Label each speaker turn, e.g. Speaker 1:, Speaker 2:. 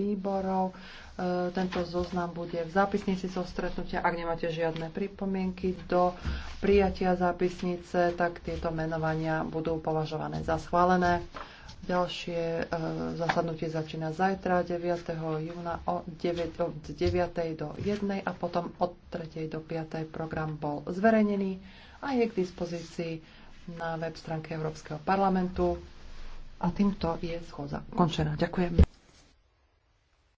Speaker 1: výborov. E, tento zoznam bude v zápisnici zo stretnutia. Ak nemáte žiadne pripomienky do prijatia zápisnice, tak tieto menovania budú považované za schválené. Ďalšie e, zasadnutie začína zajtra 9. júna od 9, od 9. do 1. a potom od 3. do 5. program bol zverejnený a je k dispozícii na web stránke Európskeho
Speaker 2: parlamentu. A týmto je schôdza ukončená. Ďakujem.